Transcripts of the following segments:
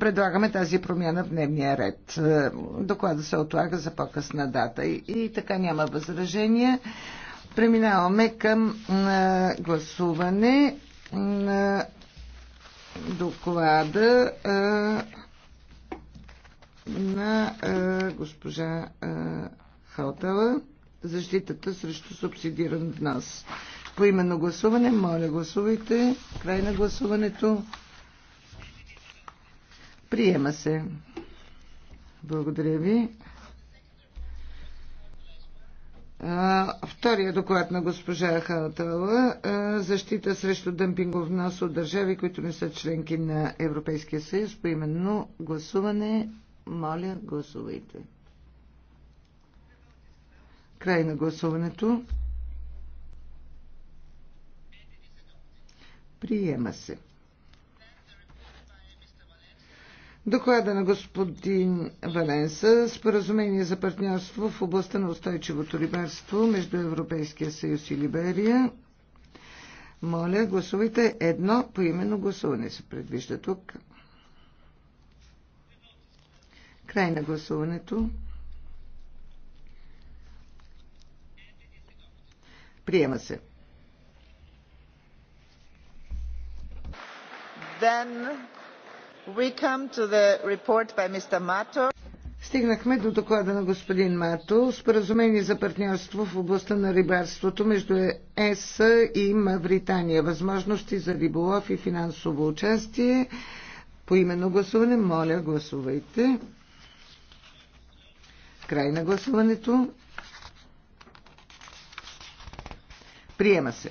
предлагаме тази промяна в дневния ред. Е, доклада се отлага за по-късна дата и, и така няма възражения. Преминаваме към а, е, гласуване е, на доклада а, на а, госпожа а, Халтала защитата срещу субсидиран внос. По именно гласуване, моля гласувайте. Край на гласуването. Приема се. Благодаря ви. Втория доклад на госпожа Халтала защита срещу дъмпингов внос от държави, които не са членки на Европейския съюз. По именно гласуване. Моля, гласувайте. Край на гласуването. Приема се. Доклада на господин Валенса споразумение за партньорство в областта на устойчивото рибарство между Европейския съюз и Либерия. Моля, гласувайте едно по именно гласуване се предвижда тук. Край на гласуването. Приема се. Then Стигнахме до доклада на господин Мато. Споразумение за партньорство в областта на рибарството между ЕС и Мавритания. Възможности за риболов и финансово участие. По именно гласуване, моля, гласувайте. Край на гласуването. Приема се.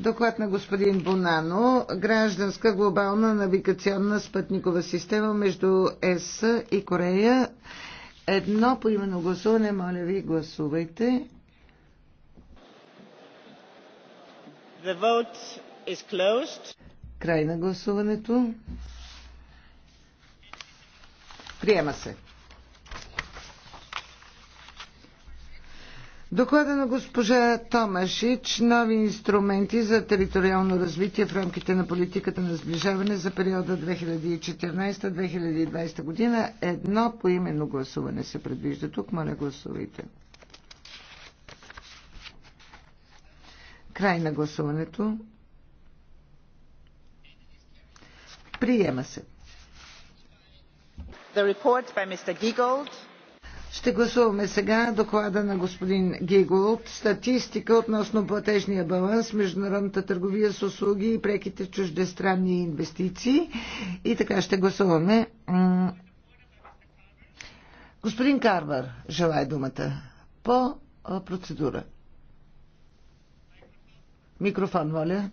Доклад на господин Бонано. Гражданска глобална навигационна спътникова система между ЕС и Корея. Едно по именно гласуване. Моля ви, гласувайте. The vote is closed. Край на гласуването. Приема се. Доклада на госпожа Томашич нови инструменти за териториално развитие в рамките на политиката на сближаване за периода 2014-2020 година. Едно поименно гласуване се предвижда тук. Моля гласувайте. Край на гласуването. Приема се. The report by Mr. Giegold ще гласуваме сега доклада на господин Гигол. Статистика относно платежния баланс, международната търговия с услуги и преките чуждестранни инвестиции. И така ще гласуваме. Господин Карвар, желая думата. По процедура. Микрофон, моля.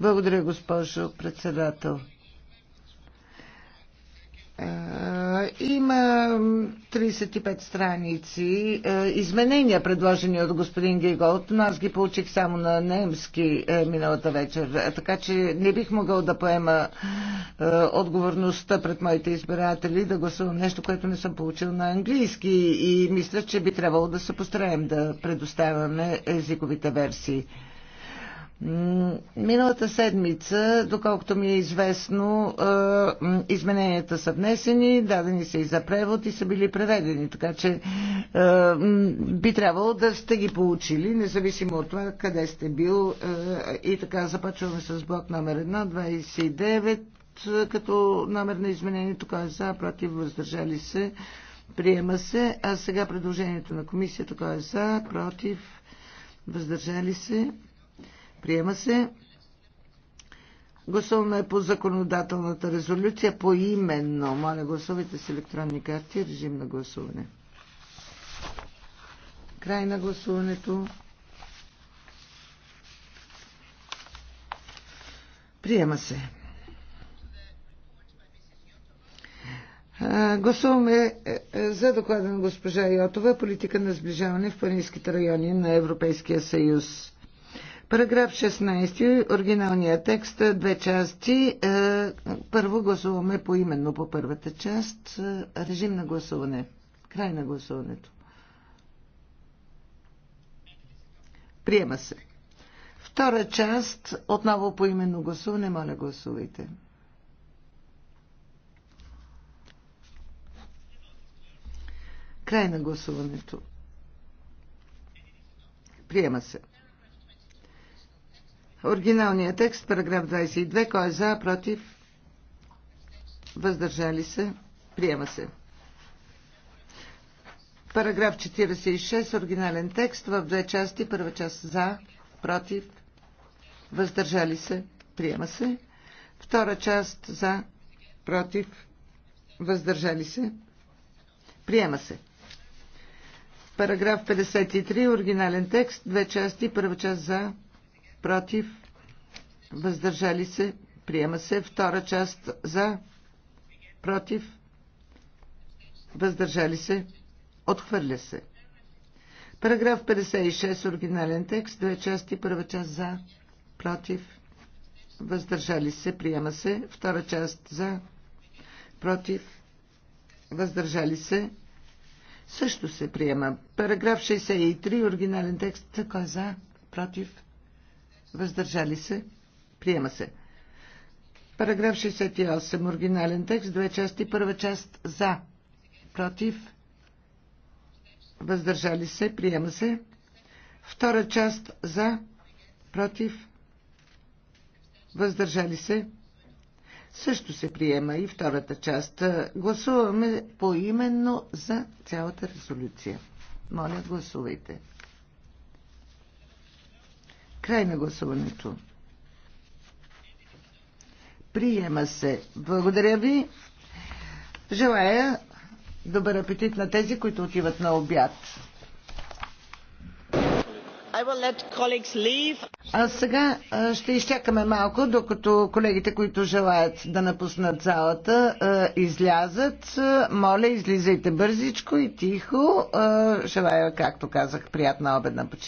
Благодаря, госпожо председател. Има 35 страници е, изменения, предложени от господин Гиголт, но аз ги получих само на немски е, миналата вечер, така че не бих могъл да поема е, отговорността пред моите избиратели да гласувам нещо, което не съм получил на английски и мисля, че би трябвало да се постараем да предоставяме езиковите версии. Миналата седмица, доколкото ми е известно, измененията са внесени, дадени са и за превод и са били преведени, така че би трябвало да сте ги получили, независимо от това къде сте бил. И така започваме с блок номер 1, 29, като номер на изменението, кой е за, против, въздържали се, приема се. А сега предложението на комисията, кой е за, против, въздържали се, Приема се. Гласуваме по законодателната резолюция по именно. Моля, гласувайте с електронни карти. Режим на гласуване. Край на гласуването. Приема се. Гласуваме е, е, за доклада на госпожа Йотова политика на сближаване в планинските райони на Европейския съюз. Параграф 16, оригиналния текст, две части. Е, първо гласуваме по именно по първата част. Е, режим на гласуване. Край на гласуването. Приема се. Втора част, отново по именно гласуване, моля гласувайте. Край на гласуването. Приема се. Оригиналният текст, параграф 22, кой е за, против, въздържали се, приема се. Параграф 46, оригинален текст в две части. Първа част за, против, въздържали се, приема се. Втора част за, против, въздържали се, приема се. Параграф 53, оригинален текст, две части. Първа част за, против, въздържали се, приема се. Втора част за, против, въздържали се, отхвърля се. Параграф 56, оригинален текст, две части, първа част за, против, въздържали се, приема се. Втора част за, против, въздържали се, също се приема. Параграф 63, оригинален текст, кой е за, против, въздържали се, приема се. Параграф 68, оригинален текст, две части, първа част за, против, въздържали се, приема се. Втора част за, против, въздържали се, също се приема и втората част. Гласуваме поименно за цялата резолюция. Моля, гласувайте. Край на гласуването. Приема се. Благодаря ви. Желая добър апетит на тези, които отиват на обяд. А сега ще изчакаме малко, докато колегите, които желаят да напуснат залата, излязат. Моля, излизайте бързичко и тихо. Желая, както казах, приятна обедна почивка.